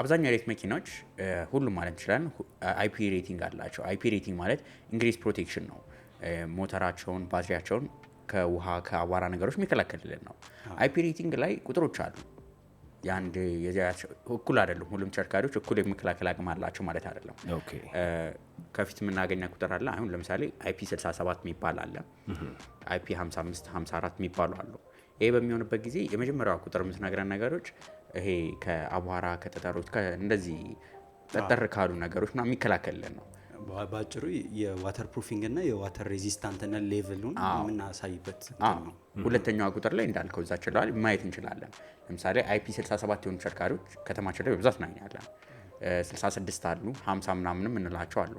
አብዛኛው የኤሌክትሪክ መኪናዎች ሁሉም ማለት እንችላለን አይፒ ሬቲንግ አላቸው። አይፒ ሬቲንግ ማለት እንግሊዝ ፕሮቴክሽን ነው። ሞተራቸውን፣ ባትሪያቸውን ከውሃ ከአቧራ ነገሮች የሚከላከልልን ነው። አይፒ ሬቲንግ ላይ ቁጥሮች አሉ። የአንድ እኩል አይደሉም። ሁሉም ተሽከርካሪዎች እኩል የመከላከል አቅም አላቸው ማለት አይደለም። ከፊት የምናገኘ ቁጥር አለ። አሁን ለምሳሌ አይፒ 67 የሚባል አለ፣ አይፒ 55፣ 54 የሚባሉ አሉ። ይሄ በሚሆንበት ጊዜ የመጀመሪያ ቁጥር የምትነግረን ነገሮች ይሄ ከአቧራ ከጠጠሮች እንደዚህ ጠጠር ካሉ ነገሮች ምናምን የሚከላከልልን ነው። በአጭሩ የዋተር ፕሩፊንግ እና የዋተር ሬዚስታንት እና ሌቭሉን የምናሳይበት ነው። ሁለተኛዋ ቁጥር ላይ እንዳልከው እዛ ችለዋል ማየት እንችላለን። ለምሳሌ አይፒ 67 የሆኑ ተሽከርካሪዎች ከተማችን ላይ በብዛት እናገኛለን። 66 አሉ፣ 50 ምናምንም እንላቸው አሉ።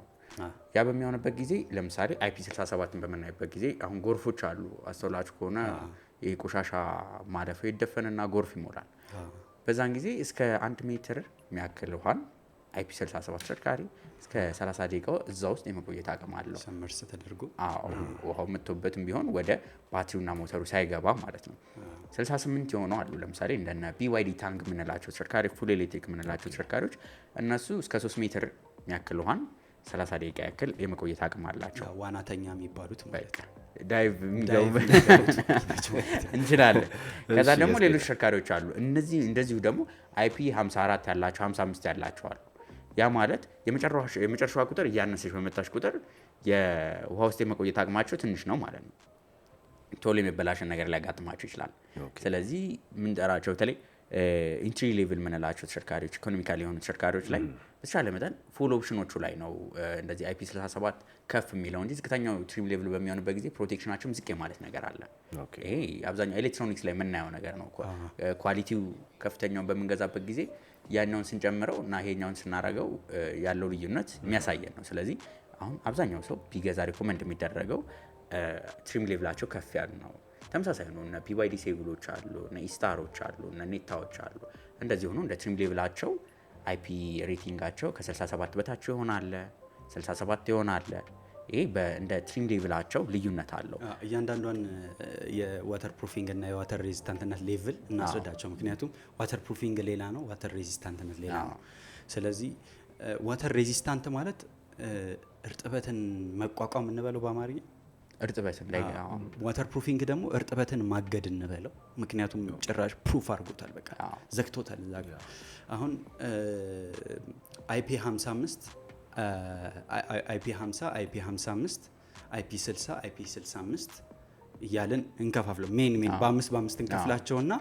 ያ በሚሆንበት ጊዜ ለምሳሌ አይፒ 67ን በምናይበት ጊዜ አሁን ጎርፎች አሉ። አስተውላችሁ ከሆነ የቆሻሻ ማለፈው ይደፈንና ጎርፍ ይሞላል። በዛን ጊዜ እስከ አንድ ሜትር የሚያክል ውሃን አይፒ 67 ተሽከርካሪ እስከ 30 ደቂቃ እዛ ውስጥ የመቆየት አቅም አለው። ሰመርስ ተደርጎ ውሃው መጥቶበትም ቢሆን ወደ ባትሪውና ሞተሩ ሳይገባ ማለት ነው። 68 የሆኑ አሉ። ለምሳሌ እንደነ ቢዋይዲ ታንግ የምንላቸው ተሽከርካሪ፣ ፉል ኤሌክትሪክ የምንላቸው ተሽከርካሪዎች እነሱ እስከ 3 ሜትር የሚያክል ውሃን 30 ደቂቃ ያክል የመቆየት አቅም አላቸው። ዋናተኛ የሚባሉት ማለት ነው። ዳይቭ የሚገቡ እንችላለን። ከዛ ደግሞ ሌሎች ተሽከርካሪዎች አሉ። እነዚህ እንደዚሁ ደግሞ አይፒ 54 ያላቸው 55 ያላቸው አሉ። ያ ማለት የመጨረሻዋ ቁጥር እያነሰች በመጣች ቁጥር የውሃ ውስጥ የመቆየት አቅማቸው ትንሽ ነው ማለት ነው። ቶሎ የመበላሸን ነገር ሊያጋጥማቸው ይችላል። ስለዚህ ምንጠራቸው በተለይ ኢንትሪ ሌቭል የምንላቸው ተሽከርካሪዎች ኢኮኖሚካል የሆኑ ተሽከርካሪዎች ላይ በተቻለ መጠን ፉል ኦፕሽኖቹ ላይ ነው እንደዚህ አይፒ 67 ከፍ የሚለው እንጂ ዝቅተኛው ትሪም ሌቭል በሚሆንበት ጊዜ ፕሮቴክሽናቸውም ዝቅ ማለት ነገር አለ። ይሄ አብዛኛው ኤሌክትሮኒክስ ላይ የምናየው ነገር ነው። ኳሊቲው ከፍተኛውን በምንገዛበት ጊዜ ያኛውን ስንጨምረው እና ይሄኛውን ስናረገው ያለው ልዩነት የሚያሳየን ነው። ስለዚህ አሁን አብዛኛው ሰው ቢገዛ ሪኮመንድ የሚደረገው ትሪም ሌቭላቸው ከፍ ያሉ ነው። ተመሳሳይ ነው። እነ ፒዋይዲ ሴጉሎች አሉ፣ እነ ኢስታሮች አሉ፣ እነ ኔታዎች አሉ። እንደዚህ ሆኖ እንደ ትሪም ሌብላቸው አይፒ ሬቲንጋቸው ከ67 በታቸው ይሆናል፣ 67 ይሆናል። ይሄ እንደ ትሪም ሌቭላቸው ልዩነት አለው። እያንዳንዷን የዋተር ፕሩፊንግ እና የዋተር ሬዚስታንትነት ሌቭል እናስረዳቸው። ምክንያቱም ዋተር ፕሩፊንግ ሌላ ነው፣ ዋተር ሬዚስታንትነት ሌላ ነው። ስለዚህ ዋተር ሬዚስታንት ማለት እርጥበትን መቋቋም እንበለው በአማርኛ እርጥበትን ላይ ዋተር ፕሩፊንግ ደግሞ እርጥበትን ማገድ እንበለው። ምክንያቱም ጭራሽ ፕሩፍ አድርጎታል፣ በቃ ዘግቶታል። እዛ ጋር አሁን አይፒ 55 አይፒ 50 አይፒ 55 አይፒ 60 አይፒ 65 እያለን እንከፋፍለው ሜን ሜን በአምስት በአምስት እንከፍላቸውና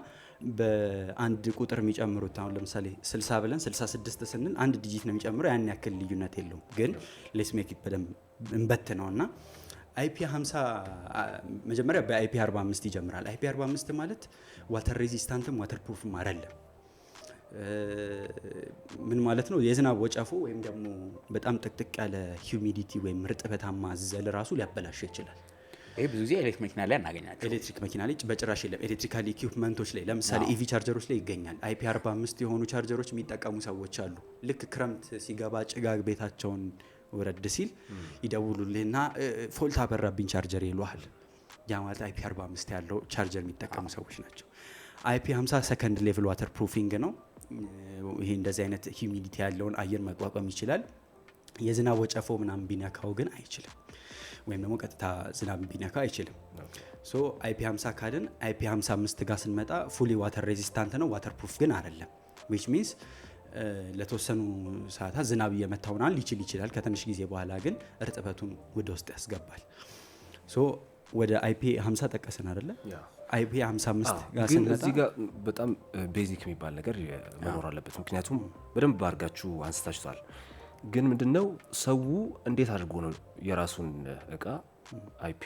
በአንድ ቁጥር የሚጨምሩት አሁን ለምሳሌ 60 ብለን 66 ስንል አንድ ዲጂት ነው የሚጨምረው። ያን ያክል ልዩነት የለውም፣ ግን ሌስ ሜክ በደንብ እንበት እና አይፒ 50 መጀመሪያ በአይፒ 45 ይጀምራል። አይፒ 45 ማለት ዋተር ሬዚስታንትም ዋተር ፕሩፍም አይደለም። ምን ማለት ነው? የዝናብ ወጨፎ ወይም ደግሞ በጣም ጥቅጥቅ ያለ ሂውሚዲቲ ወይም ርጥበታማ ዘል ራሱ ሊያበላሽ ይችላል። ይሄ ብዙ ጊዜ ኤሌክትሪክ መኪና ላይ አናገኛቸው። ኤሌክትሪክ መኪና ላይ በጭራሽ የለም። ኤሌክትሪካል ኢኩፕመንቶች ላይ ለምሳሌ ኢቪ ቻርጀሮች ላይ ይገኛል። አይፒ 45 የሆኑ ቻርጀሮች የሚጠቀሙ ሰዎች አሉ። ልክ ክረምት ሲገባ ጭጋግ ቤታቸውን ውረድ ሲል ይደውሉልህና ፎልት አበራብኝ ቻርጀር ይሏሃል። ያ ማለት አይፒ 45 ያለው ቻርጀር የሚጠቀሙ ሰዎች ናቸው። አይፒ 50 ሰከንድ ሌቭል ዋተር ፕሩፊንግ ነው። ይሄ እንደዚህ አይነት ሂዩሚዲቲ ያለውን አየር መቋቋም ይችላል። የዝናብ ወጨፎ ምናምን ቢነካው ግን አይችልም። ወይም ደግሞ ቀጥታ ዝናብ ቢነካ አይችልም። ሶ አይፒ 50 ካልን አይፒ 55 ጋር ስንመጣ ፉሊ ዋተር ሬዚስታንት ነው፣ ዋተር ፕሩፍ ግን አይደለም ዊች ሚንስ ለተወሰኑ ሰዓታት ዝናብ እየመታውናል ሊችል ይችላል። ከትንሽ ጊዜ በኋላ ግን እርጥበቱን ወደ ውስጥ ያስገባል። ሶ ወደ አይፒ 50 ጠቀስን አይደለ? አይፒ 55 ጋር ስንመጣ እዚህ ጋር በጣም ቤዚክ የሚባል ነገር መኖር አለበት። ምክንያቱም በደንብ አድርጋችሁ አንስታችኋል። ግን ምንድነው ሰው እንዴት አድርጎ ነው የራሱን እቃ አይፒ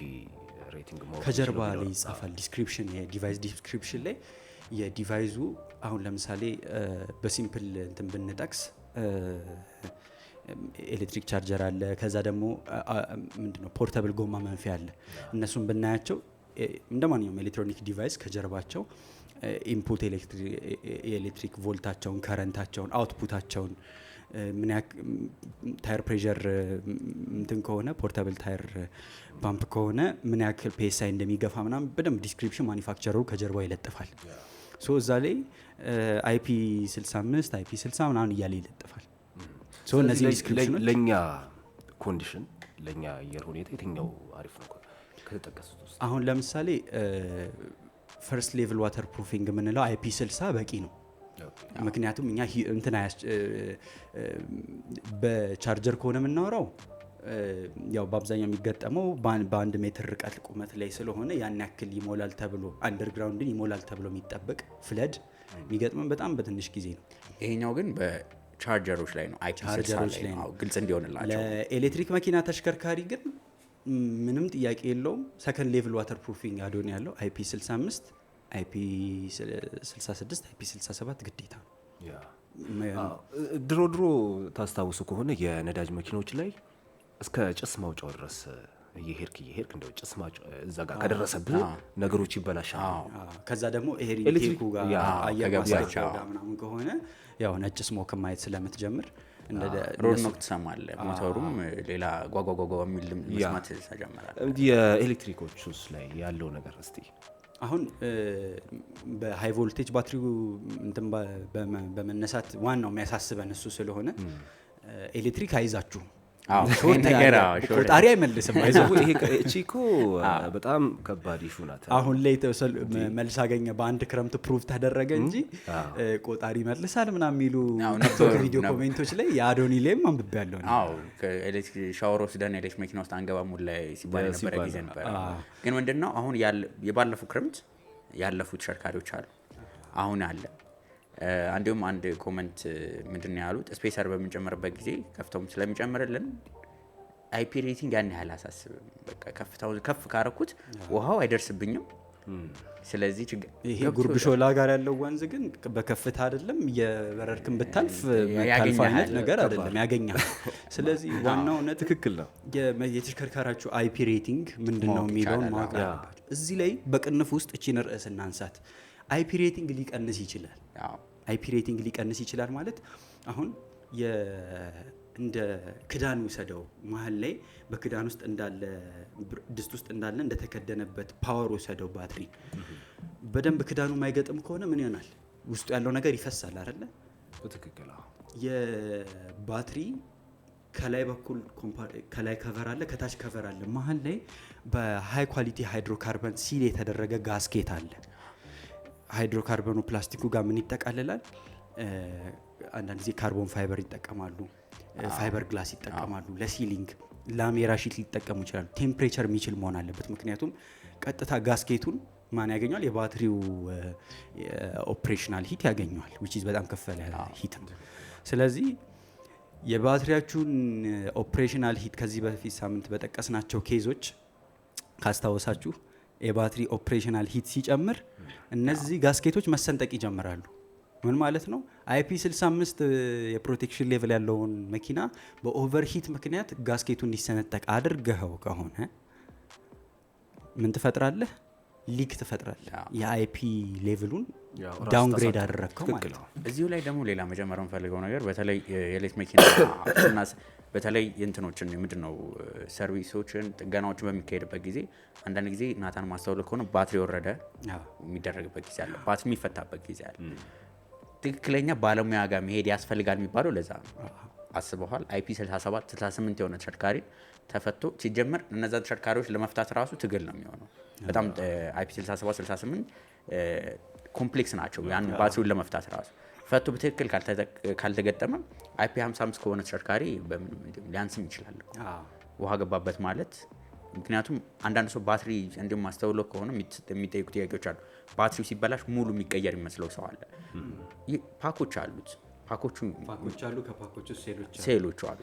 ሬቲንግ ከጀርባ ላይ ይጻፋል። ዲስክሪፕሽን የዲቫይስ ዲስክሪፕሽን ላይ የዲቫይዙ አሁን ለምሳሌ በሲምፕል እንትን ብንጠቅስ ኤሌክትሪክ ቻርጀር አለ። ከዛ ደግሞ ምንድነው ፖርተብል ጎማ መንፊያ አለ። እነሱን ብናያቸው እንደ ማንኛውም ኤሌክትሮኒክ ዲቫይስ ከጀርባቸው ኢንፑት የኤሌክትሪክ ቮልታቸውን፣ ከረንታቸውን፣ አውትፑታቸውን ምን ታየር ፕሬር እንትን ከሆነ ፖርታብል ታየር ፓምፕ ከሆነ ምን ያክል ፒኤስአይ እንደሚገፋ ምናምን በደንብ ዲስክሪፕሽን ማኒፋክቸረሩ ከጀርባ ይለጥፋል። ሶ እዛ ላይ አይፒ 65 አይፒ 60 ምናምን እያለ ይለጥፋል። እነዚህ ዲስክሪፕሽኖች ለእኛ ኮንዲሽን ለእኛ አየር ሁኔታ የትኛው አሪፍ ነው ከተጠቀሱት ውስጥ አሁን ለምሳሌ ፈርስት ሌቭል ዋተር ፕሩፊንግ የምንለው አይፒ 60 በቂ ነው። የሚችለው። ምክንያቱም እኛ እንትን በቻርጀር ከሆነ የምናወራው ያው በአብዛኛው የሚገጠመው በአንድ ሜትር ርቀት ቁመት ላይ ስለሆነ ያን ያክል ይሞላል ተብሎ አንደርግራውንድን ይሞላል ተብሎ የሚጠበቅ ፍለድ የሚገጥመን በጣም በትንሽ ጊዜ ነው። ይሄኛው ግን በቻርጀሮች ላይ ነው፣ ቻርጀሮች ላይ ነው። ግልጽ እንዲሆንላቸው ለኤሌክትሪክ መኪና ተሽከርካሪ ግን ምንም ጥያቄ የለውም። ሰከንድ ሌቭል ዋተር ፕሩፊንግ አዶን ያለው አይፒ 65 አይፒ 66 አይፒ 67 ግዴታ ድሮ ድሮ ታስታውሱ ከሆነ የነዳጅ መኪኖች ላይ እስከ ጭስ ማውጫው ድረስ እየሄድክ እየሄድክ እንደው ጭስ እዛ ጋር ከደረሰብህ ነገሮች ይበላሻል። ከዛ ደግሞ ኤሪ ቴኩ ጋር አየር ማስገቢያ ምናምን ከሆነ ያው ነጭ ስሞክ ማየት ስለምትጀምር ሮድ ኖክ ትሰማለህ። ሞተሩም ሌላ ጓጓጓጓ የሚል መስማት ተጀመራል። የኤሌክትሪኮች ላይ ያለው ነገር እስቲ አሁን በሃይ ቮልቴጅ ባትሪ በመነሳት ዋናው የሚያሳስበን እሱ ስለሆነ ኤሌክትሪክ አይዛችሁም ቆጣሪ አይመልስም። ይቺ እኮ በጣም ከባድ ይሹ ናት። አሁን ላይ ተሰል መልስ አገኘ በአንድ ክረምት ፕሩቭ ተደረገ እንጂ ቆጣሪ መልሳል ምና የሚሉ ቪዲዮ ኮሜንቶች ላይ የአዶኒ ላይም አንብቤ ያለው ሻወር ወስደን ኤሌክትሪክ መኪና ውስጥ አንገባ አንገባም ላይ ሲባል የነበረ ጊዜ ነበረ። ግን ምንድነው አሁን የባለፉ ክረምት ያለፉ ተሸርካሪዎች አሉ አሁን አለ እንዲሁም አንድ ኮመንት ምንድን ያሉት፣ ስፔሰር በምንጨምርበት ጊዜ ከፍታውም ስለሚጨምርልን አይፒ ሬቲንግ ያን ያህል አሳስብም። ከፍ ካረኩት ውሃው አይደርስብኝም። ስለዚህ ይሄ ጉርብሾላ ጋር ያለው ወንዝ ግን በከፍታ አይደለም፣ የበረርክን ብታልፍ ያገኛል ነገር አይደለም ያገኛል። ስለዚህ ዋናው ነ ትክክል ነው። የተሽከርካሪያችሁ አይፒ ሬቲንግ ምንድን ነው የሚለውን ማወቅ አለባቸው። እዚህ ላይ በቅንፍ ውስጥ እቺን ርዕስ እናንሳት። አይፒ ሬቲንግ ሊቀንስ ይችላል። አይፒ ሬቲንግ ሊቀንስ ይችላል ማለት አሁን እንደ ክዳን ውሰደው መሀል ላይ በክዳን ውስጥ እንዳለ ድስት ውስጥ እንዳለ እንደተከደነበት ፓወር ውሰደው ባትሪ በደንብ ክዳኑ ማይገጥም ከሆነ ምን ይሆናል? ውስጡ ያለው ነገር ይፈሳል አይደለ? የባትሪ ከላይ በኩል ከላይ ከቨር አለ፣ ከታች ከቨር አለ። መሀል ላይ በሃይ ኳሊቲ ሃይድሮካርበን ሲል የተደረገ ጋስኬት አለ። ሃይድሮካርበኑ ፕላስቲኩ ጋር ምን ይጠቃልላል? አንዳንድ ጊዜ ካርቦን ፋይበር ይጠቀማሉ፣ ፋይበር ግላስ ይጠቀማሉ። ለሲሊንግ ላሜራ ሺት ሊጠቀሙ ይችላሉ። ቴምፕሬቸር የሚችል መሆን አለበት። ምክንያቱም ቀጥታ ጋስኬቱን ማን ያገኘዋል? የባትሪው ኦፕሬሽናል ሂት ያገኘዋል። በጣም ከፈለ ሂት ነው። ስለዚህ የባትሪያችሁን ኦፕሬሽናል ሂት ከዚህ በፊት ሳምንት በጠቀስናቸው ኬዞች ካስታወሳችሁ የባትሪ ኦፕሬሽናል ሂት ሲጨምር እነዚህ ጋስኬቶች መሰንጠቅ ይጀምራሉ። ምን ማለት ነው? አይፒ 65 የፕሮቴክሽን ሌቭል ያለውን መኪና በኦቨርሂት ምክንያት ጋስኬቱ እንዲሰነጠቅ አድርገኸው ከሆነ ምን ትፈጥራለህ? ሊክ ትፈጥራል። የአይፒ ሌቭሉን ዳውንግሬድ አደረግከው ማለት ነው። እዚሁ ላይ ደግሞ ሌላ መጨመር የምፈልገው ነገር በተለይ የሌት መኪና በተለይ እንትኖችን ምንድን ነው ሰርቪሶችን፣ ጥገናዎችን በሚካሄድበት ጊዜ አንዳንድ ጊዜ ናታን ማስተውል ከሆነ ባትሪ ወረደ የሚደረግበት ጊዜ አለ፣ ባትሪ የሚፈታበት ጊዜ አለ። ትክክለኛ ባለሙያ ጋር መሄድ ያስፈልጋል የሚባለው ለዛ ነው። አስበኋል አይፒ 67 68 የሆነ ተሽከርካሪ ተፈቶ ሲጀመር እነዛ ተሽከርካሪዎች ለመፍታት ራሱ ትግል ነው የሚሆነው በጣም አይፒ 67 68 ኮምፕሌክስ ናቸው። ያን ባትሪውን ለመፍታት ራሱ ፈቶ በትክክል ካልተገጠመ አይፒ 55 ከሆነ ተሽከርካሪ ሊያንስም ይችላል። ውሃ ገባበት ማለት ምክንያቱም አንዳንድ ሰው ባትሪ እንዲሁም ማስተውለው ከሆነ የሚጠይቁ ጥያቄዎች አሉ። ባትሪው ሲበላሽ ሙሉ የሚቀየር የሚመስለው ሰው አለ። ፓኮች አሉት ፓኮቹ አሉ ከፓኮቹ ሴሎቹ አሉ።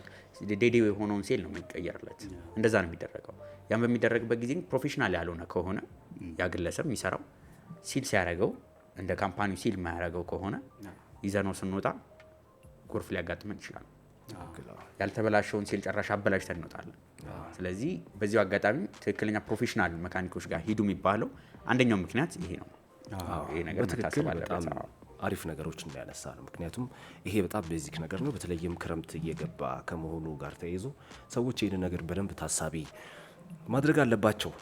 ዴዴው የሆነውን ሴል ነው የሚቀየርለት። እንደዛ ነው የሚደረገው። ያን በሚደረግበት ጊዜ ፕሮፌሽናል ያልሆነ ከሆነ ያ ግለሰብ የሚሰራው ሲል ሲያደረገው እንደ ካምፓኒው ሲል የማያደርገው ከሆነ ይዘነው ስንወጣ ጎርፍ ሊያጋጥመን ይችላል። ያልተበላሸውን ሴል ጨራሽ አበላሽተን እንወጣለን። ስለዚህ በዚሁ አጋጣሚ ትክክለኛ ፕሮፌሽናል መካኒኮች ጋር ሂዱ የሚባለው አንደኛው ምክንያት ይሄ ነው። ይሄ ነገር መታሰብ አለበት። አሪፍ ነገሮች እንዳያነሳ ነው። ምክንያቱም ይሄ በጣም ቤዚክ ነገር ነው። በተለይም ክረምት እየገባ ከመሆኑ ጋር ተያይዞ ሰዎች ይህን ነገር በደንብ ታሳቢ ማድረግ አለባቸው።